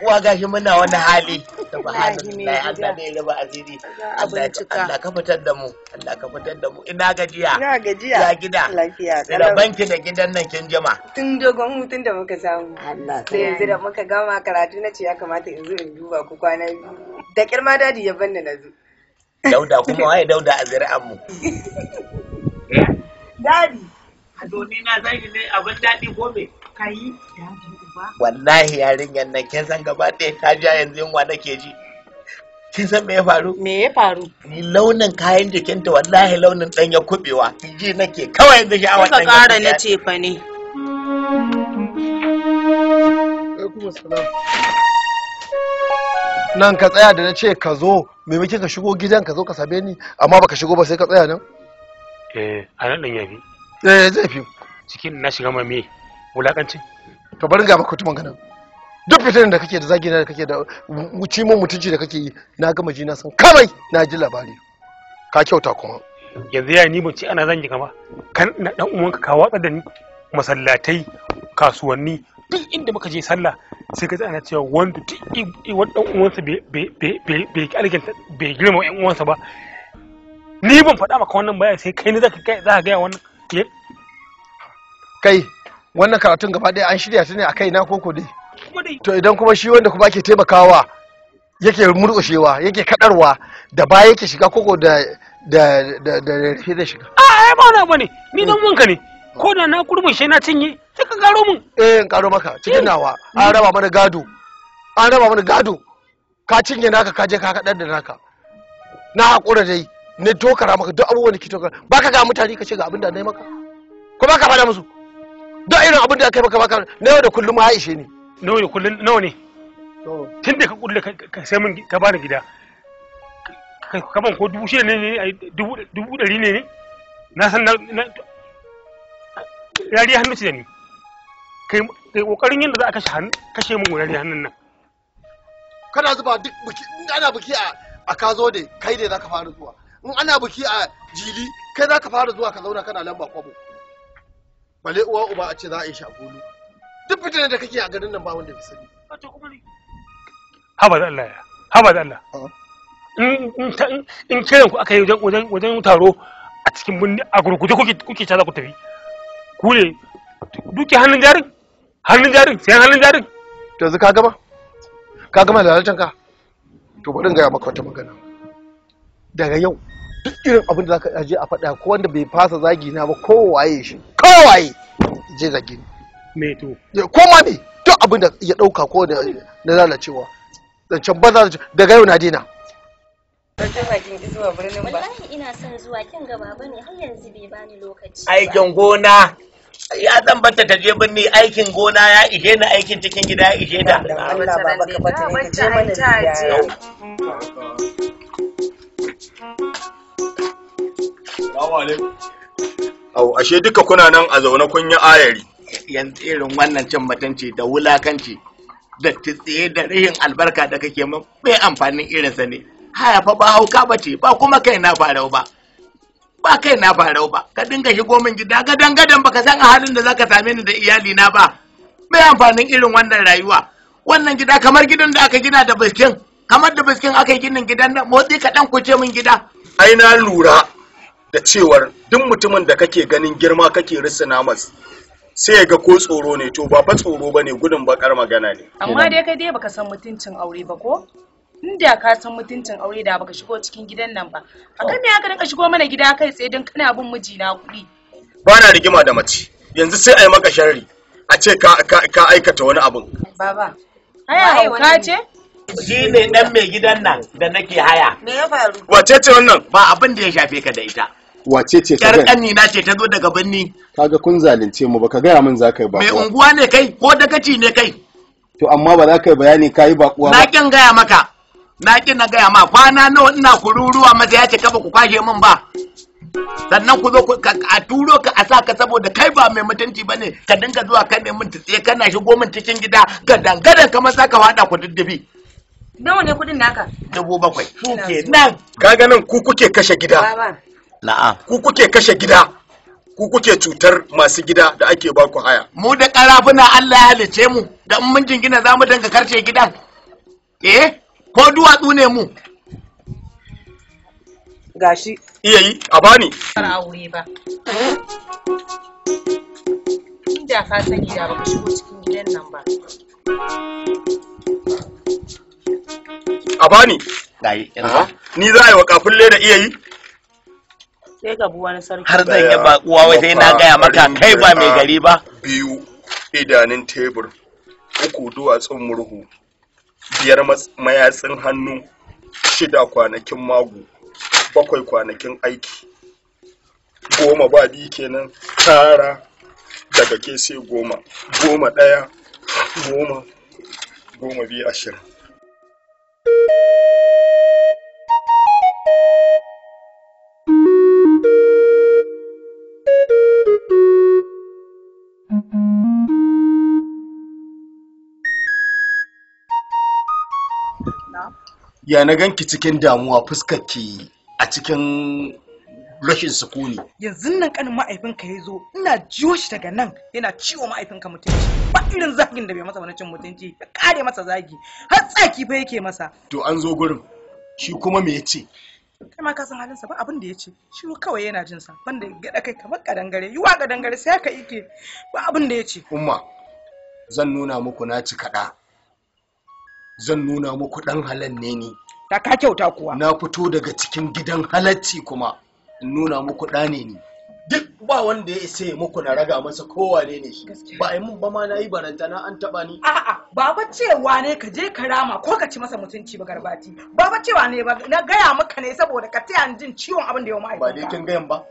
uwa gashi muna wani hali da ba hali ya Allah ne raba asiri Allah ka fitar da mu Allah ka fitar da mu ina gajiya ina gajiya ya gida lafiya da banki da gidan nan kin jima tun dogon hutun da muka samu Allah sai yanzu da muka gama karatu na ce ya kamata in zo in duba ku kwana da kirma dadi ya banna na zo dauda kuma waye dauda a zuri'an mu dadi a doni na zai ne abin dadi ko me kai dadi wallahi yarinyar nan kin san gaba ɗaya ta ja yanzu yunwa nake ji kin san me ya faru me ya faru ni launin kayan jikinta wallahi launin dan ya kubewa ji nake kawai yanzu sha'awar dan ka ƙara na ce fa ne nan ka tsaya da na ce ka zo me muke ka shigo gidan ka zo ka same ni amma baka shigo ba sai ka tsaya nan eh a nan dan yafi eh zai fi cikin na shiga mame wulakancin to bari ga maka tuman ganin duk fitinin da kake da zagi da kake da wuci mun mutunci da kake yi na gama ji na san kamai na ji labari ka kyauta kuma yanzu ya ni ci ana zangi kama kan na dan uwanka ka watsa da ni masallatai kasuwanni duk inda muka je sallah sai ka ana cewa wanda duk wani dan uwansa bai girma yan uwansa ba ni ban faɗa maka wannan baya sai kai ne za ka gaya wannan kai wannan karatun gaba ɗaya an shirya ta ne a kaina ko ko dai to idan kuma shi wanda kuma ake taimakawa yake murƙushewa yake kadarwa da ba yake shiga koko da da da da rufe da shiga a ah, ai ba na bane ni mm. dan wanka ne ko da na kurmin shi na cinye kika garo mun eh in karo maka cikin eh. nawa an raba mana gado an raba mana gado ka cinye naka ka je ka kadar da naka na hakura dai ne tokara maka duk abubuwan da ke tokara baka ga mutane ka ce ga abinda da nayi maka ko baka faɗa musu don irin abin da aka maka maka na yau da kullum ma haishe ne nawa ne kullum nawa ne tun da ka kulle ka sai min ka bani gida ka ban ko dubu shida ne ne dubu ɗari ne ne na san na rari hannu ce da ni kai kokarin yadda za a kashe hannu kashe min rari hannun nan kana zuba duk biki in ana biki a a kazo da kai ne zaka fara zuwa in ana biki a jili kai zaka fara zuwa ka zauna kana lamba kwabo bale uwa uba a ce za a yi shi a duk fitar da kake a garin nan ba wanda bai sani haba da Allah ya haba da Allah in kiran ku aka yi wajen taro a cikin birni a gurguje kuke ta za ku tafi kule duke hannun jarin hannun jarin sayan hannun jarin to yanzu ka gama ka gama da lalacan ka to bari in gaya maka wata magana daga yau duk irin abin da zaka aje a faɗa ko wanda bai fasa zagi na ba kowa waye shi kowaye je zage me to koma me duk abin da ya dauka ko da na lalacewa zancen ba za daga yau na dina Aikin gona ya zan ta je birni aikin gona ya ishe ni aikin cikin gida ya ishe ta. au ashe duka kuna nan a zaune kun yi ayari yanzu irin wannan cin mutunci da wulakanci da tsaye da rihin albarka da kake min bai amfanin irinsa ne haya fa ba hauka ba ce ba kuma kai na farau ba ba kai na farau ba ka dinga shigo min gida gadan gadan baka san halin da zaka same ni da iyali na ba bai amfanin irin wannan rayuwa wannan gida kamar gidan da aka gina da biskin kamar da biskin aka yi ginin gidan nan motsi kaɗan ku ce min gida ai na lura da cewar duk mutumin da kake ganin girma kake risina masa sai ya ga ko tsoro ne to ba fa tsoro ba ne gudun bakar magana ne. Amma dai kai dai baka san mutuncin aure ba ko? Inda ka san mutuncin aure da baka shigo cikin gidan nan ba. A kan me aka rinka shigo mana gida kai tsaye don kana bin mijina kuɗi? Ba na rigima da mace. Yanzu sai a yi maka sharri. A ce ka aikata wani abun. Baba, haya ka ce? Shi ne ɗan mai gidan nan da nake haya. Me ya faru? Wace ce wannan? Ba abin da ya shafe ka da ita. wace ce ta kanni na ce ta zo daga birni kaga kun zalunce mu baka gaya min zaka yi bakuwa mai unguwa ne kai ko dagaci ne kai to amma ba za ka yi bayani ka yi bakuwa na kin gaya maka na kin na gaya ma kwana nawa ina kururuwa maza ya ce ba ku kwashe min ba sannan ku zo a turo ka a sa ka saboda kai ba mai mutunci ba ne ka dinga zuwa kan ne mun tsaye eh, kana shigo min cikin gida gadan gadan kamar za ka ku diddibi. nawa ne kudin naka dubu bakwai kuke nan kaga nan ku kuke kashe gida na'am ku kuke kashe gida ku kuke cutar masu gida da ake ba ku haya mu da karafuna Allah ya halice mu da mun jingina za mu danga karce gidan eh ko duwatsu ne mu gashi iya yi a bani ba ka san gida ba ka shigo cikin gidan nan ba a bani ni za a yi wa kafin leda iya yi sai har zan yi bakuwa wai sai na gaya maka kai ba mai gari ba biyu idanun tebur uku duwatsun murhu biyar mayatsin hannu shida kwanakin magu bakwai kwanakin aiki goma ba biyu kenan tara daga kese goma goma ɗaya goma goma biyu ashirin ya na ganki cikin damuwa fuskar ki a cikin rashin sukuni yanzu nan kanin ma'aifinka ya zo ina jiyo shi daga nan yana ciwo ma'aifinka mutunci ba irin zagin da bai masa wani cin mutunci ya kare masa zagi har tsaki fa yake masa to an zo gurin shi kuma me ya ce kai ma ka san halinsa ba abin da ya ce Shi kawai yana jin sa banda gada kai kamar kadangare yuwa kadangare sai ka ike ba abin da ya ce umma zan nuna muku na ci kada zan nuna muku dan halan ne ni ta ka kyauta kuwa na fito daga cikin gidan halacci kuma in nuna muku ɗane ne ba wanda ya isa muku na raga masa kowa ne shi ba a yi mun ba ma na yi baranta na an taba ni a'a ba cewa ne ka je ka rama ko ka ci masa mutunci ba garbati ba cewa ne ba na gaya maka ne saboda ka taya jin ciwon abin da ya ma'aikata ba dai kin gayan ba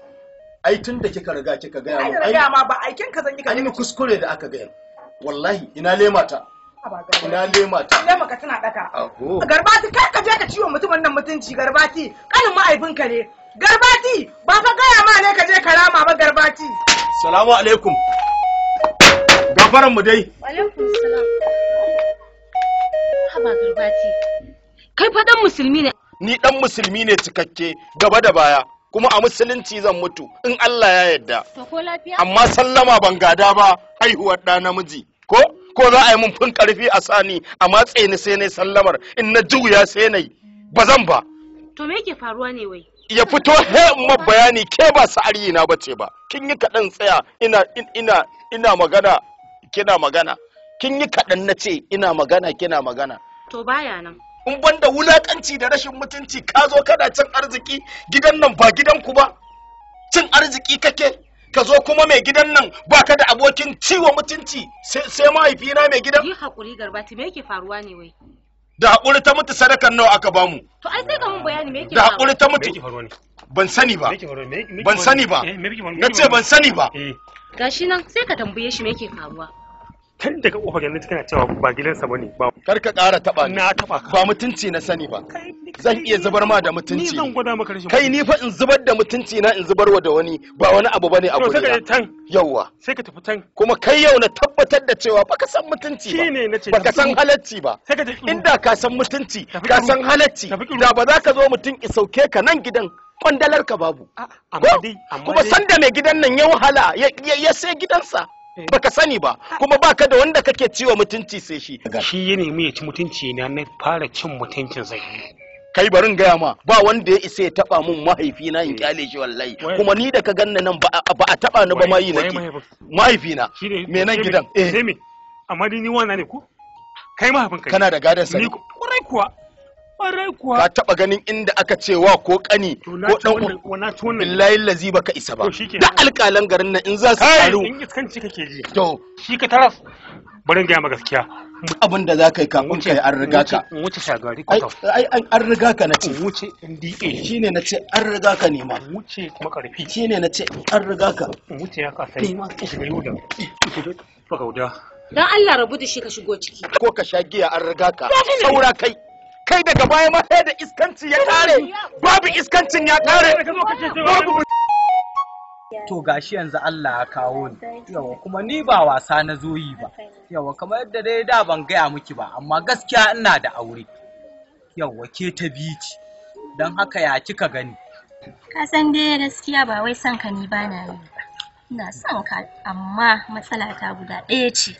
ai tun da kika riga kika gaya mu ai ma ba aikin ka zan yi ka ni kuskure da aka gaya wallahi ina lemata ina lema ta lema ka tana daka garbati kai ka je ka ciwo mutumin nan mutunci garbati kanin ma'aibinka ne Garbati, ba fa gaya ma ne ka je ka rama ba Garbati. Salamu alaikum. Gafaran mu dai. Alaikum salam. Garbati. Kai fa dan musulmi ne. Ni dan musulmi ne cikakke gaba da baya. kuma a musulunci zan mutu in Allah ya yarda. Amma sallama ban gada ba haihuwar ɗa namiji. Ko? Ko za a yi mun fin karfi a sani a matse ni sai na sallamar in na juya sai ne yi. Ba zan ba. To me yake faruwa ne wai? ya fito he ma bayani ke ba sa'ari na bace ba kin yi kaɗan tsaya ina ina ina magana kina magana kin yi kaɗan na ce ina magana kina magana to baya nan in banda wulakanci da rashin mutunci ka zo kana cin arziki gidan nan ba gidan ku ba cin arziki kake ka zo kuma mai gidan nan ba ka da abokin ciwo mutunci sai mahaifina mai gidan yi hakuri garbati me yake faruwa ne wai da haƙuri ta mutu sadakar nawa aka mu to ai sai ka mun bayani me yake da haƙuri ta mutu ban sani ba ban sani ba eh, na ce ban sani ba eh. gashi nan sai ka tambaye shi me yake faruwa tun daga kofar gani kana cewa ba gidansa ba ne ba kar ka ƙara taɓa ni na taɓa ka ba mutunci na sani ba zan iya zubar ma da mutunci ni zan gwada maka rashin kai ni fa in zubar da mutunci na in zubar wa da wani ba wani abu bane a gurina yauwa sai ka tafi tan kuma kai yau na tabbatar da cewa baka san mutunci ba baka san halacci ba inda ka san mutunci ka san halacci da ba za ka zo ki sauke ka nan gidan kwandalar ka babu kuma sanda mai gidan nan ya wahala ya sai gidansa Eh. baka sani ba kuma baka da wanda kake ciwa mutunci sai shi shi ya nemi ya ci mutunci ne na fara cin mutuncin sai kai barin gaya ma ba wanda ya isa ya taba mun mahaifi na in kyale eh. shi wallahi kuma ni da ka ganna nan ba a taba ni ba mai yi nake mahaifi na me nan gidan eh amma ni wannan ne ko kai mahaifin kai kana da gadan sani ni kuwa ka taba ganin inda aka ce wa ko kani ko dan wallahi lazi baka isa ba da alƙalan garin nan in za su faru in iskanci kake ji to shi ka taras bari ga ma gaskiya abin da za ka yi kafin kai an riga ka wuce shagari ko ai an riga ka nace wuce NDA shine nace an riga ka ne ma wuce kuma karfi shine nace an riga ka wuce ya kasa ne ma shiga yoda fa gauda dan Allah rabu da shi ka shigo ciki ko ka sha giya an riga ka saura kai kai daga baya ma sai da iskanci ya tare babu iskancin ya tare to gashi yanzu Allah ya kawo ni yawa kuma ni ba wasa na zoyi ba yawa kamar yadda dai da ban gaya miki ba amma gaskiya ina da aure yawa ke ta bici don haka ya kika gani ka san dai gaskiya ba wai son ka ni ba na yi ina son ka amma matsala ta guda ɗaya ce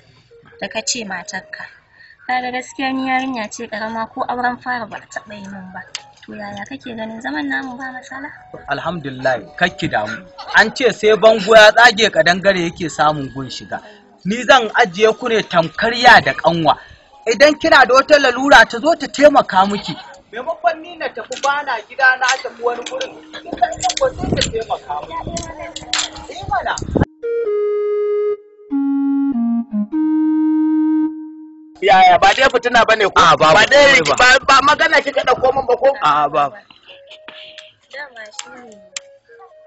da ka ce matarka kaga gaskiya ni yarinya ce karama ko auren fara ba ta taɓa yi min ba to yaya kake ganin zaman namu ba matsala alhamdulillah kakki damu an ce sai bango ya tsage kadangare yake samun gun shiga ni zan ajiye ku ne tamkar ya da ƙanwa. idan kina da wata lalura ta zo ta taimaka miki maimakon ni na tafi bana gida na tafi wani gurin yaya ba dai fitina bane ko ba dai ba magana kika dauko min ba ko a ba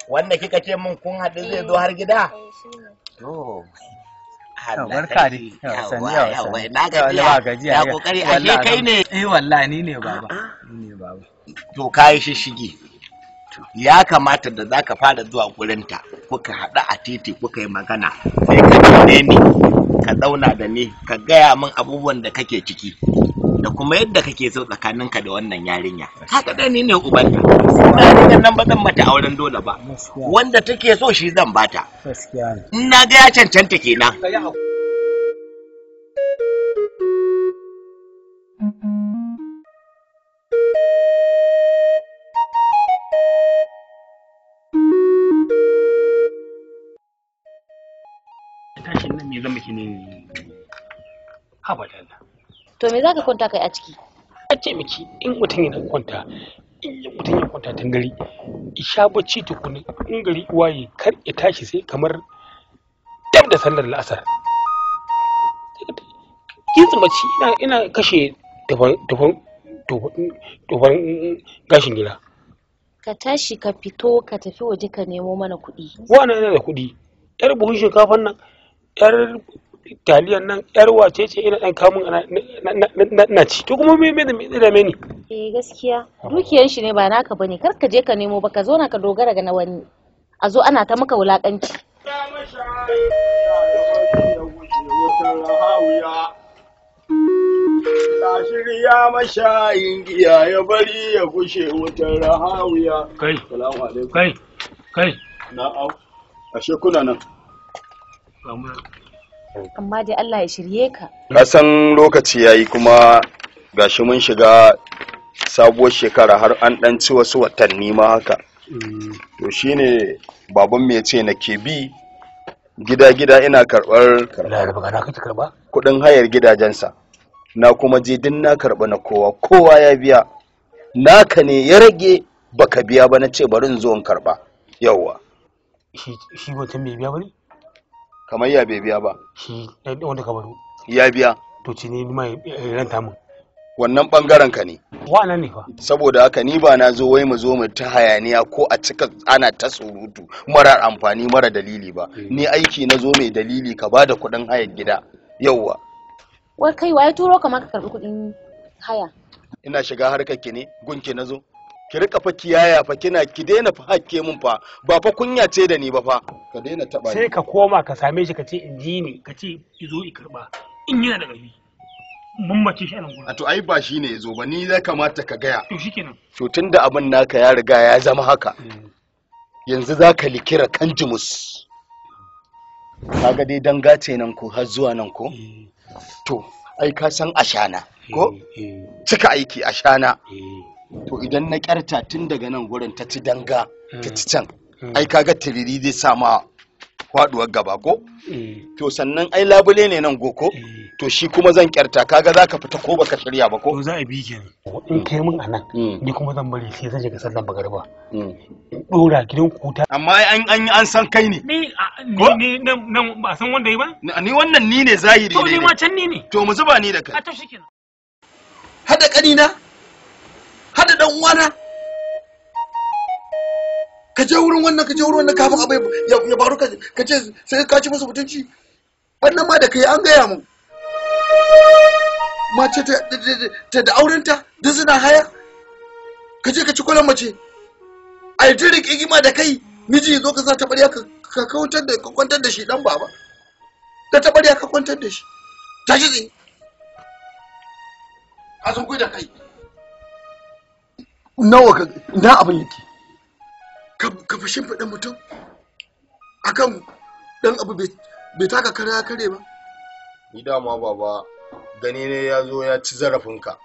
wanda kika ce min kun haɗu zai zo har gida eh, to barka dai sani yawa na gajiya ya kokari ashe kai ne eh wallahi ni ne baba ah. ni ne baba to kai shishigi ya kamata da zaka fara zuwa gurinta kuka haɗu a titi kuka yi magana sai ka ne ni ka zauna da ni ka gaya min abubuwan da kake ciki da kuma yadda kake so tsakaninka da wannan yarinya Ka da ni ne ubanta yarinyan nan ba zan mata auren dole ba wanda take so shi zan bata in na ga ya cancanta kenan gidan biki ne abadan to me zaka kwanta kai a ciki a ce miki in mutum yana kwanta in mutum ya kwanta tangari isha bacci tukuni in gari waye kar ya tashi sai kamar dab da sallar la'asar kinsu bacci ina kashe tufan gashin gida ka tashi ka fito ka tafi waje ka nemo mana kuɗi wani yana da kuɗi yar buhun shinkafan nan yar taliyan nan yar wace ce ina dan kamun na ci to kuma me me da me ne eh gaskiya dukiyar shi ne ba naka bane kar ka je ka nemo ba ka zo na ka dogara ga na wani a zo ana ta maka wulakanci shirya mashayin giya ya bari ya gushe wutar rahawiya kai kai kai na'au ashe kuna nan amma dai Allah ya shirye ka na san lokaci yayi kuma gashi mun shiga sabuwar shekara har an dan ci wasu watanni ma haka to shine baban me ce na ke bi gida gida ina karbar kudin hayar gidajensa na kuma je din na karba na kowa kowa ya biya naka ne ya rage baka biya ba na ce bari in zo in karba yawwa shi mutum bai biya ba ne kamar ya bai biya ba shi eh, wanda ka baro ya biya to ci ne ma eh, ranta mun wannan bangaren ka ne wa'annan ne fa saboda haka ni ba na zo wai mu zo mu ta hayaniya ko a cika ana ta surutu mara amfani mara dalili ba eh. ni aiki na zo mai dalili ka bada kuɗin hayar gida yauwa wai kai waye turo ka karɓi kuɗin haya ina shiga harkar ki ne gunki na zo ki rika fa kiyaya fa kina ki daina fa hakke mun fa ba fa kunya ce da ni ba fa ka daina taba sai ka koma ka same shi ka ce in ji ni ka ce ki zo i karba in yana da gari mun mace shi anan a to ai ba shi ne yazo ba ni ya kamata ka gaya to shikenan to tunda abin naka ya riga ya zama haka hmm. yanzu za ka likira kan jimus kaga dai dangace nan ko har zuwa nan ko hmm. to ai ka san ashana ko hmm. cika aiki ashana to idan na karta tun daga nan wurin ta ci danga ta ci can hmm. Hmm. ai kaga tiriri zai sama faduwar gaba ko hmm. to sannan ai labule ne nan goko to shi kuma zan kyarta kaga zaka fita ko baka shirya ba ko za a bi ke in kai mun anan ni kuma zan bari sai zan shiga sallan bagarba dora gidan kuta amma an an an san kai ne ni ni nan ba san wanda yi ba ni wannan ni ne zahiri ne to ni ma can ni ne to mu zuba ni da kai a to shikenan hada kanina hada dan uwana ka je wurin wannan ka je wurin wannan kafin abai ya faru ka ce sai ka ci musu mutunci wannan ma da kai an gaya mu mace ta da aurenta duk suna haya ka je ka ci kwalan mace a yi tirin kigima da kai miji zo ka sa taɓarya ka kwantar da ka kwantar da shi dan baba ka taɓarya ka kwantar da shi Ta ji tsaye a sun da kai nawa ka na abin yake ka fashin faɗin mutum akan dan abu bai taka kare ya kare ba ni dama baba gani ne ya zo ya ci zarafinka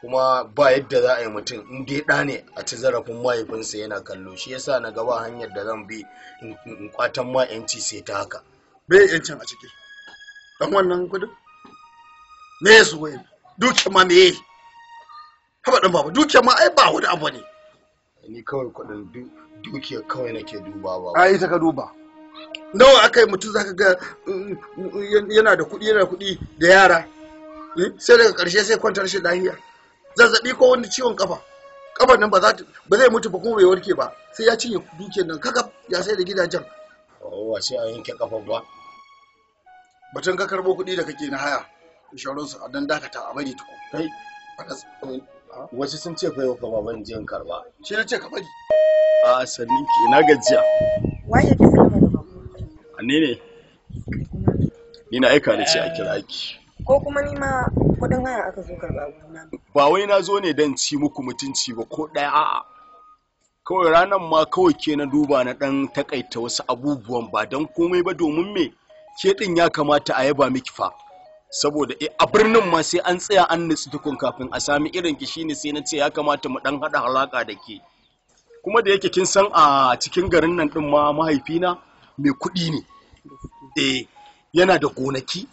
kuma ba yadda za a yi mutum in dai ɗa ne a ci zarafin mahaifinsa yana kallo shi yasa na gaba hanyar da zan bi in kwatan ma yanci sai ta haka bai yancin a ciki dan wannan kudin me su su duk ma me haba ɗan baba dukiya ma ai ba wani abu ne ni kawai kuɗin dukiya kawai nake duba ba ai ita ka duba nawa aka yi mutum zaka ga mm, mm, mm, yana da kuɗi yana da kuɗi da yara eh, sai daga ƙarshe sai kwanta rashin lafiya zazzaɓi ko wani ciwon kafa kafan nan ba zai mutu ba kuma bai warke ba sai ya cinye dukiyar nan kaka ya sai da gidajen wa oh, sai a yanke kafa ba batun ka karɓo kuɗi da kake na haya shawararsu a dan dakata a bari tuku kai wasu sun ce fayo fa baban jin karba shi ya ce ka bari a sannin ki na gajiya waye ka sallama da ne ni na aika da ce a kira ki ko kuma ni ma kudin haya aka zo karba gona ba wai na zo ne dan ci muku mutunci ba ko daya a'a kawai ranar ma kawai ke na duba na dan takaita wasu abubuwan ba dan komai ba domin me ke din ya kamata a yaba miki fa saboda eh, a birnin ma sai an tsaya an nutsu tukun kafin a sami irin ki shine sai na ce ya kamata mu dan hada halaka da ke kuma da yake kin san a cikin garin nan din ma mahaifina mai kuɗi ne eh yana da gonaki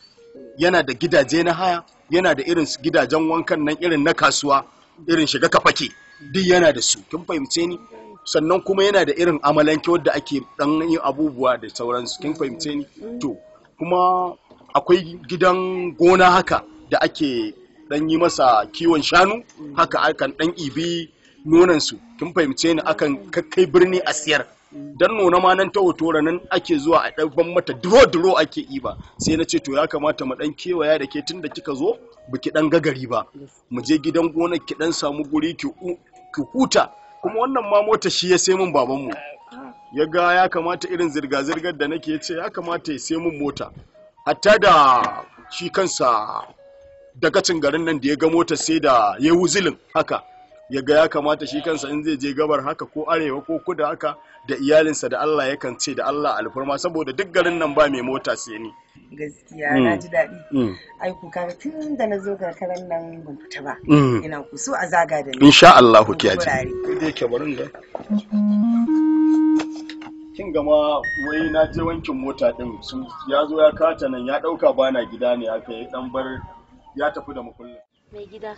yana da gidaje na haya yana da irin gidajen wankan nan irin na kasuwa irin shiga kafake duk yana da su kin fahimce ni sannan kuma yana da irin amalanke wadda ake dan yin abubuwa da sauransu kin fahimce ni to kuma akwai gidan gona haka da ake dan yi masa kiwon shanu haka akan dan ibi su kin fahimce ni akan kakkai birni a siyar dan nuna ma nan ta nan ake zuwa a ɗaukan mata duro duro ake iba sai na ce to ya kamata mu dan kewaya da ke tun da kika zo biki dan gagari ba mu je gidan gonar ki dan samu guri ki huta kuma wannan ma mota shi ya sai mun babanmu ya ga ya kamata irin zirga-zirgar da nake ce ya kamata ya sai mun mota hatta da shi kansa cin garin nan da ya ga motar sai da ya wuzilin haka ya ga ya kamata shi kansa in zai je gabar haka ko arewa ko kuda haka da iyalinsa da Allah yakan ce da Allah alfarma saboda duk garin nan ba mai mota sai ni gaskiya na mm. ji daɗi mm. ai ku tun da na zo karkaran nan ban fita ba mm. ina ku so a zaga da ni insha Allah ku kiyaye ke barin da kin gama wai na je wankin mota din sun ya zo ya kata nan ya dauka bana gida ne aka yi dan bar ya tafi da mukullin mai gida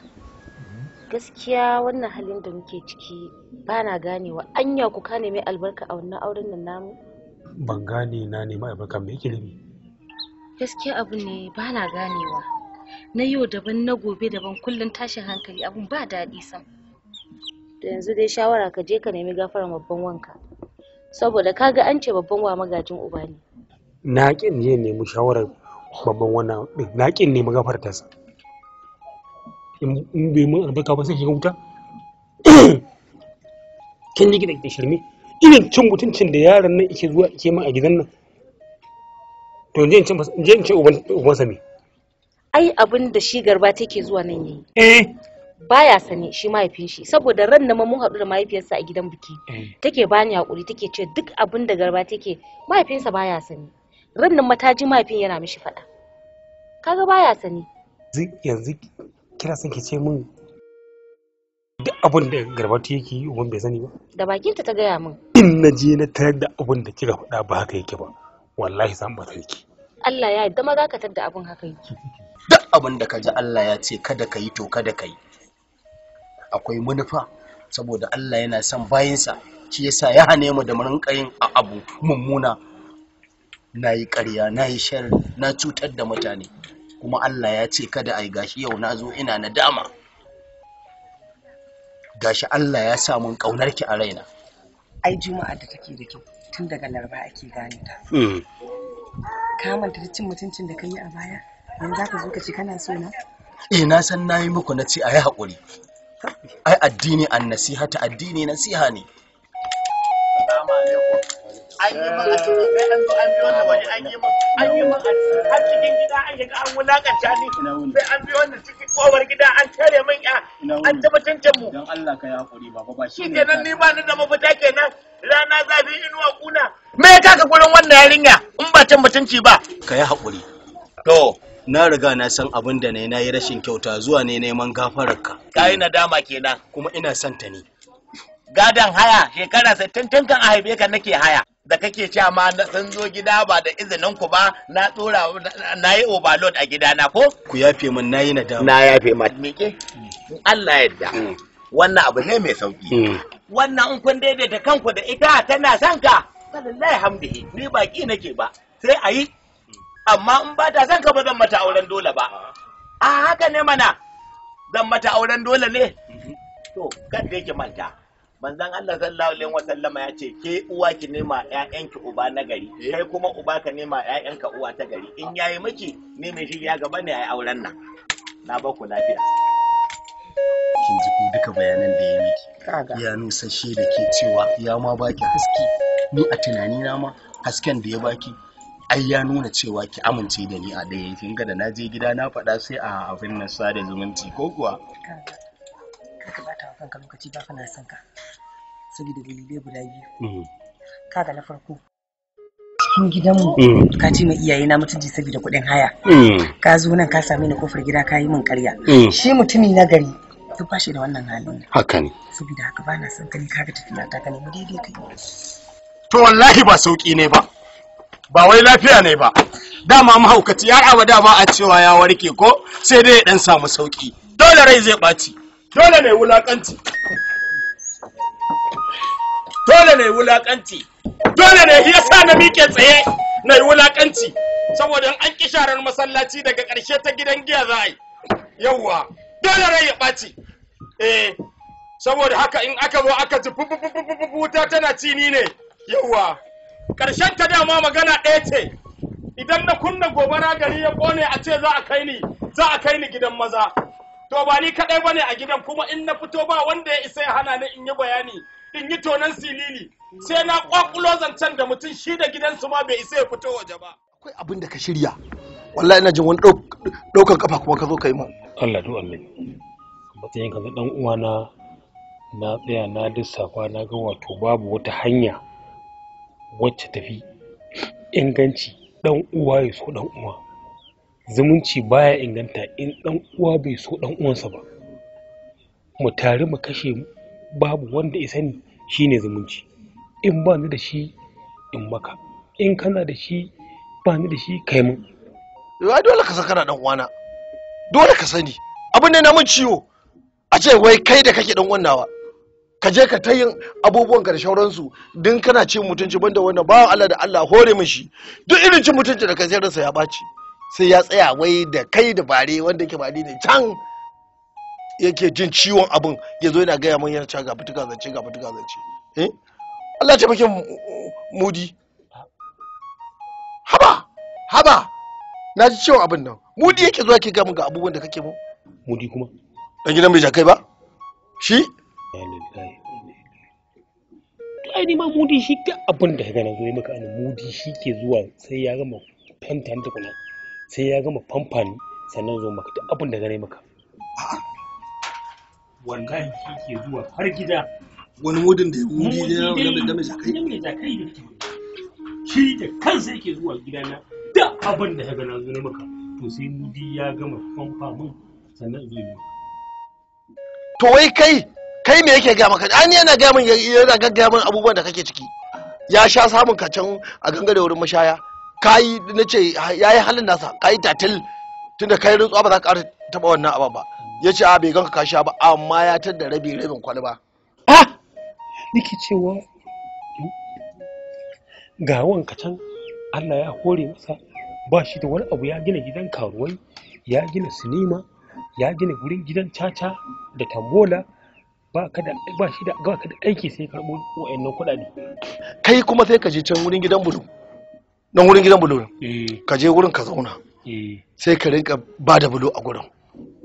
gaskiya wannan halin da muke ciki bana ganewa anya ku ka nemi albarka a wannan auren nan namu ban gane na nemi albarka me yake nufi gaskiya abu ne bana ganewa na yau daban na gobe daban kullum tashin hankali abun ba daɗi sam da yanzu dai shawara ka je ka nemi gafarar babban wanka saboda kaga an ce babban wa magajin uba ne na kin ne nemi shawarar babban wannan din na kin nemi gafartarsa in bai mun albarka ba sai shiga wuta kin ji gidan shirme irin cin mutuncin da yaran nan yake zuwa yake min a gidan nan to je in ce je in ce uban sa me ai abin da shi garba take zuwa nan yayi eh baya sani shi mahaifin shi saboda ran na mun haɗu da mahaifiyarsa a gidan biki eh. take bani hakuri take ce duk abin da garba take mahaifinsa baya sani ran nan mataji mahaifin yana mishi faɗa kaga baya sani. yanzu kina son ki ce min duk abin da garba ta yake yi uban bai sani ba da bakinta ta gaya min in na je na tarar da abin da kika faɗa ba haka yake ba wallahi ba ta yake Allah ya yi dama za ka tadda abin haka yake duk abin da ka ji Allah ya ce kada ka yi to kada ka yi akwai manufa saboda Allah yana son bayansa shi yasa ya hane mu da mu rinka yin abu mummuna na yi ƙarya na yi shar na cutar da mutane kuma Allah ya ce kada a yi gashi yau na zo ina nadama gashi Allah ya sa mun ƙaunar ki a raina ai juma'a da take da kyau tun daga larba ake gane ta mm. ka manta da cin mutuncin da ka yi a baya yanzu ka zo ka ce kana so na eh na san nayi muku na ce a yi haƙuri ai addini an nasiha ta addini nasiha ne an yi man a cikin kai an zo an biyo wannan waje an yi man an cikin gida an shiga an wulakanta ni sai an biyo wannan cikin kowar gida an tare min ya an ta mutuncin mu dan Allah ka yi hakuri baba ba shi ne nan ni ba ni da mafita kenan rana zafi inuwa kuna me ya kaka gurin wannan yarinya in ba ta mutunci ba ka yi hakuri to na riga na san abin da na yi rashin kyauta zuwa ne neman gafararka ka yi nadama kenan kuma ina son ta ne gadon haya shekara sittin tun kan a haife ka nake haya da kake cewa ma sun zo gida ba da izinin ku ba na tsora na yi overload a gidana ko ku yafe min na yi nadama na yafe ma meke Allah yadda mm. wannan abu ne mai sauki mm. wannan in kun daidaita kanku da ita tana son ka ni baki nake ba sai ayi. amma in ba ta son ka ba zan mata auren dole ba a haka ne mana zan mata auren dole ne to kan da yake manta manzon Allah sallallahu alaihi wasallama ya ce ke uwa ki nema ƴaƴanki uba na gari eh. kai kuma uba ka nema ƴaƴanka uwa ta gari in yayi miki ne mai shi ya gaba ne yayi auren nan na ba ku lafiya kin ji duka bayanan da ya miki ya shi da ke cewa ya ma baki haske ni a tunanina ma hasken da ya baki ai ya nuna cewa ki amince da ni a ɗaya kin ga da na je gida na faɗa sai a abin nan sada zumunci ko kuwa ka ba ta kanka lokaci ba kana son ka saboda dalilai guda biyu mm. kaga na farko cikin gidanmu mm. ka ce mai iyaye na mutunci saboda kuɗin haya mm. ka zo nan ka same ni kofar gida ka yi min karya shi mutumi na gari duk ba shi da wannan hali haka ne saboda haka ba na son ka ne kaga tafiya ta ka nemi daidai kai to wallahi ba sauki ne ba ba wai lafiya ne ba dama mahaukaci ya abada ba a cewa ya warke ko sai dai ya dan samu sauki dole rai zai ɓaci dole ne wulakanci dole ne wulakanci dole ne ya sa na miƙe tsaye na wulakanci saboda an ƙi sharar masallaci daga ƙarshe ta gidan giya za a yi yauwa dole rai ya ɓaci eh saboda haka in aka zo aka ji fufufufufuta tana cini ne yauwa ƙarshen ta dama magana ɗaya ce idan na kunna gobara gari ya ƙone a ce za a kai ni za a kai ni gidan maza to ba ni kaɗai ne a gidan kuma in na fito ba wanda ya isa ya hana ni in yi bayani in yi tonan silili sai na ƙwaƙulo zancen da mutum shi da gidansu ma bai isa ya fito waje ba akwai abin da ka shirya wallahi ina jin wani ɗaukan kafa kuma ka zo ka yi min. Allah to Allah matsayin ka dan uwana na tsaya na dissa na ga wato babu wata hanya wacce tafi inganci dan uwa ya so dan uwa zumunci baya inganta in dan uwa bai so dan uwansa ba mu tare mu kashe babu wanda ya sani shine zumunci in ba ni da shi in maka in kana da shi ba ni da shi kai mun ai dole ka san kana dan uwana dole ka sani abin da na mun ciwo a ce wai kai da kake dan uwan nawa ka je ka ta yin abubuwan ka da shauransu din kana ce mutunci banda wanda bawan Allah da Allah hore mishi duk irin cin mutunci da ka sayar sa ya ɓaci sai ya tsaya wai da kai da bare wanda ke bare ne can yake jin ciwon abin ya zo yana gaya mun yana cewa ga fituka zance ga fituka zance eh Allah ta bakin mudi haba haba na ji ciwon abin nan mudi yake zuwa ke mun ga abubuwan da kake mu mudi kuma dan gidan bai ja kai ba shi ai ma mudi shi ga abin da ka gana zo maka ana mudi shi ke zuwa sai ya gama fenta ta kula sai ya gama famfani sannan zo maka duk abin da gane maka wannan shi ke zuwa har gida wani mudin da ya mudi da da mai zakai da mai zakai da shi da kansa yake zuwa gidana duk abin da ka gana zo maka to sai mudi ya gama famfa mun sannan zo maka to wai kai kai me yake gaya maka an yana gaya min yana gaggaya min abubuwan da kake ciki ya sha samun kacan a gangare wurin mashaya kai na ce ya yi halin nasa kayi tatil tunda kai rantsuwa ba za ka taba wannan abu ba ya ce a bai ganka ka sha ba amma ya tadda rabi rabin kwalba Ha! Ah! nake cewa ga wanka can Allah ya hore masa ba shi da wani abu ya gina gidan karuwai ya gina sinima ya gina wurin gidan caca da tambola ba shi da ba ka da aiki sai karɓo wayannan kuɗaɗe kai kuma sai ka je can wurin gidan bulu nan wurin gidan bulu eh. ka je wurin ka zauna eh. sai ka rinka ba da bulu a gurin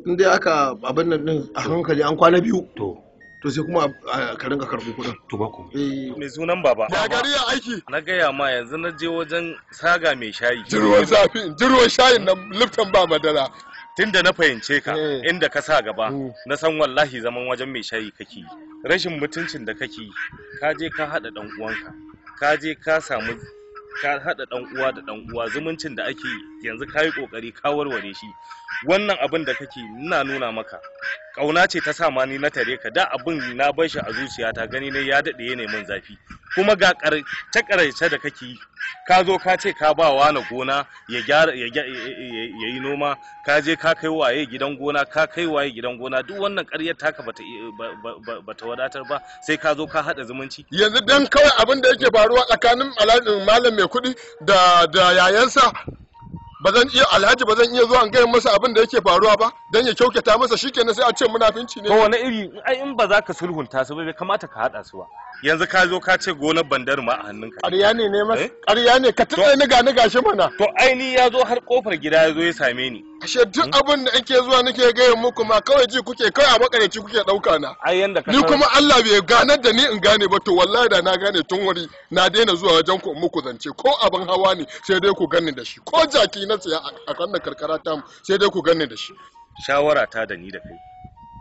in dai aka abin nan din a hankali an kwana biyu to to sai kuma ka rinka karɓo kuɗin to ba ku mai eh. sunan baba ya gari ya aiki na gaya ma yanzu na je wajen saga mai shayi jirwan zafi jirwan shayin nan liftan ba madara Tunda na fahimce ka eh. inda ka sa gaba hmm. na san wallahi zaman wajen mai shayi kake rashin mutuncin da kake ka je ka haɗa ɗan uwanka ka je ka samu ka haɗa ɗan uwa da ɗan uwa zumuncin da ake yanzu kayi kokari ka warware shi wannan abin da kake ina nuna maka kauna ce ta sama ni na tare ka da abin na bar shi a zuciyata gani ne ya daɗe ne min zafi kuma ga karce karce da kake yi ka zo ka ce ka ba wa na gona ya gyara ya yi noma ka je ka kai waye gidan gona ka kai waye gidan gona duk wannan ƙaryar taka bata bata wadatar ba sai ka zo ka hada zumunci yanzu dan kawai abin da yake faruwa tsakanin malam mai kuɗi da da yayansa ba zan iya alhaji ba zan iya zuwa gaya masa abin da yake faruwa ba dan ya kyautata masa shikenan sai a ce munafinci ne ko wani iri ai in ba za ka sulhunta su ba bai kamata ka hada su ba yanzu ka zo ka ce gonar bandar ma a hannunka ƙarya ne ne mas eh? ƙarya ne ka tsaye ni ga ni gashi mana to ai ni ya zo har kofar gida ya zo ya same ni ashe duk hmm? abin da ake zuwa nake gaya muku ma kawai ji kuke kai a makareci kuke dauka na ai yanda ka ni kuma Allah bai ganar da ni in gane ba to wallahi da na gane tun wuri na daina zuwa wajen ku muku zance ko abin hawa ne sai dai ku gani da shi ko jaki na siya a kan karkara ta sai dai ku ganni da shi shawara ta da ni da kai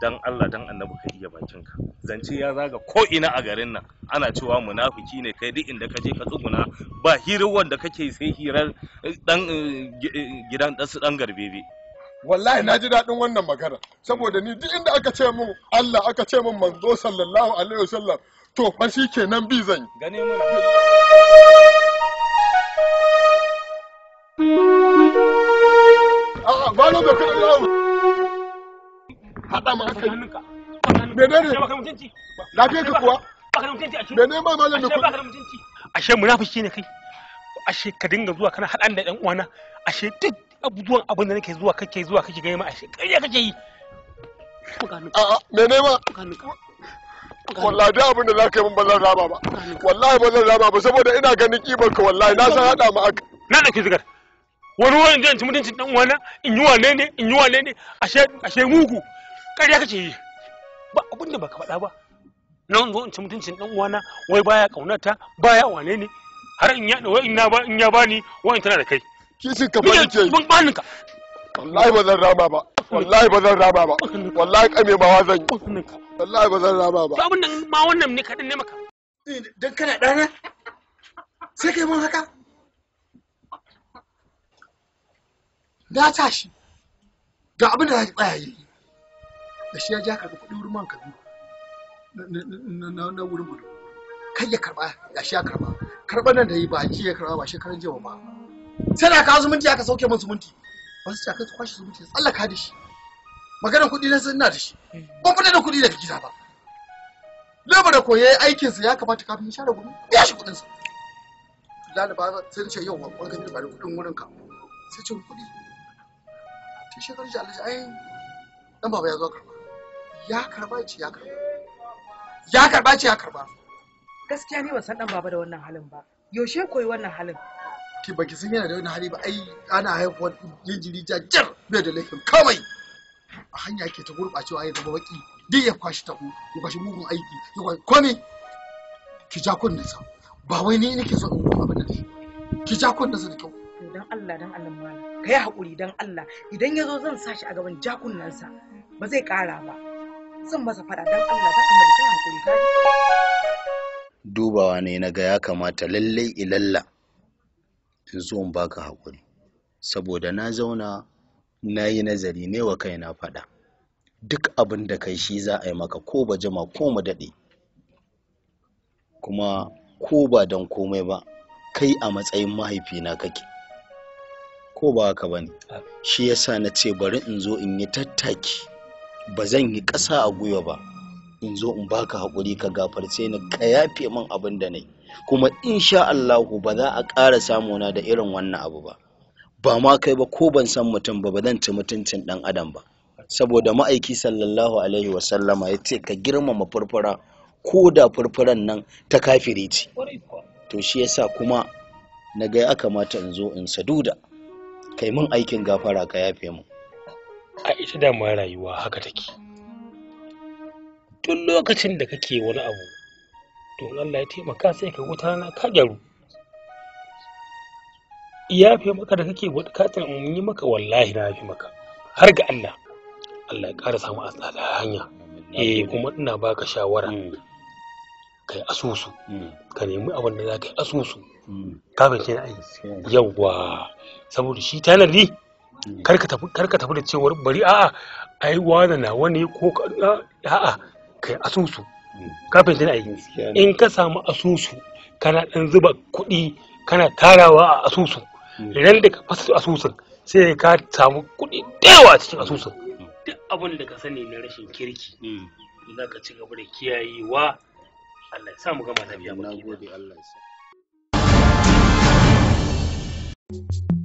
dan Allah dan annabi ka iya ka. zance ya zaga ko ina a garin nan ana cewa munafiki ne kai duk inda ka je ka tsuguna ba hirar wanda kake sai hirar eh, dan eh, eh, gidan su dan garbebe wallahi na ji daɗin wannan magana saboda ni duk inda aka ce min Allah aka ce min manzo sallallahu alaihi wasallam to fa shi kenan bi zan gane mun A'a, yawo. Haɗa ka kuwa? kuwa? Ashe munafiki ne kai. Ashe ka dinga zuwa kana haɗan da ɗan uwana. Ashe duk abubuwan abin da nake zuwa kake zuwa kake gaya ashe ƙarya kake yi. A'a, menene ma? wallahi duk abin da za ka yi min ba ba wallahi ba zan ba saboda ina ganin kimar ka wallahi na san haɗa mu aka na zigar wani wani zan ci mutuncin dan uwana in yi wane ne in yi wane ne ashe ashe mugu ƙarya kace yi ba abin da baka faɗa ba na zo in ci mutuncin dan uwana wai baya kaunata baya wane ne har in ya wai in na in ya bani wai tana da kai kishin ka bani ke ban bani ka wallahi ba zan raba ba wallahi ba zan raba ba wallahi kame ma wa zan wallahi ba zan raba ba to abin nan ma wannan ne kadan ne maka eh, dan kana dana sai kai mun haka na tashi. shi ga abin da zai ki tsaya yi da shi ya ja karɓi kuɗin wurin man kabi na wurin mu kai ya karɓa ga shi ya karɓa karɓar nan da yi ba ki ya karɓa ba shekaran jiya ba sai da kawo zumunci aka sauke min zumunci ba su kai su kwashe zumunci tsallaka da shi magana kuɗi na sun na da shi ban fita da kuɗi daga gida ba lebar da koyi aikinsa ya kamata kafin ya share gudu ya shi kuɗinsa lalaba sai ce yau wa wani kan da kuɗin wurinka sai ce kuɗi shi shi alhaji ai dan baba ya zo karba ya karba ce ya karba ya karba ce ya karba gaskiya ne ba san dan baba da wannan halin ba yaushe koyi wannan halin ki baki san yana da wannan hali ba ai ana haifuwar jinjiri jajjar bai da laifin Kamai, a hanya ke ta gurɓacewa ya zama baki duk ya kwashi taku ya kwashi mugun aiki ya kwashi komai ki ja kunnen sa ba wai ni nake so in abin da shi ki ja kunnen da kyau don dan Allah don Allah ka yi haƙuri don Allah idan ya zo zan sa shi a gaban jakunansa ba zai ƙara ba zan masa faɗa don Allah ba Allah ka yi haƙuri ka dubawa ne na ga ya kamata lallai ilalla in zo in baka haƙuri saboda na zauna na yi nazari ne wa kai na faɗa duk abin da kai shi za a yi maka ko ba jima ko mu daɗe kuma ko ba don komai ba kai a matsayin mahaifina kake ko ba haka ba ne shi yasa na ce bari in zo in yi tattaki ba zan yi ƙasa a gwiwa ba in zo in baka haƙuri ka gafarce ni ka yafe min abin da yi. kuma insha Allahu ba za a ƙara samuna da irin wannan abu ba ba ma kai ba ko ban san mutum ba ba zan ci mutuncin ɗan adam ba saboda ma'aiki sallallahu alaihi sallama, ya ce ka girmama furfura ko da furfuran nan ta kafiri ce to shi yasa kuma na ga ya kamata in zo in saduda kai mun aikin gafara ka yafe mu a ita dama rayuwa haka take Tun lokacin da kake wani abu to Allah ya taimaka sai ka wuta na ka gyaru yafe maka da kake bukatar in yi maka wallahi na yafe maka har ga Allah Allah ya ƙara samu a hanya eh kuma ina baka shawara mm. ka yi asusu mm. ka nemi abin da za mm. ka yi asusu kafin fahimce na aiki yawwa saboda shi tanadi mm. kar ka tafi da cewar bari a'a ai wani na wani ko a'a ka yi asusu kafin fahimce na aiki in ka samu asusu kana dan zuba kuɗi kana tarawa a asusu idan da ka fasa asusun sai ka samu kuɗi da yawa cikin asusun duk abin da ka sani na rashin kirki za ka ci gaba da kiyayewa Allah ya sa mu gama lafiya Na gode Allah ya sa.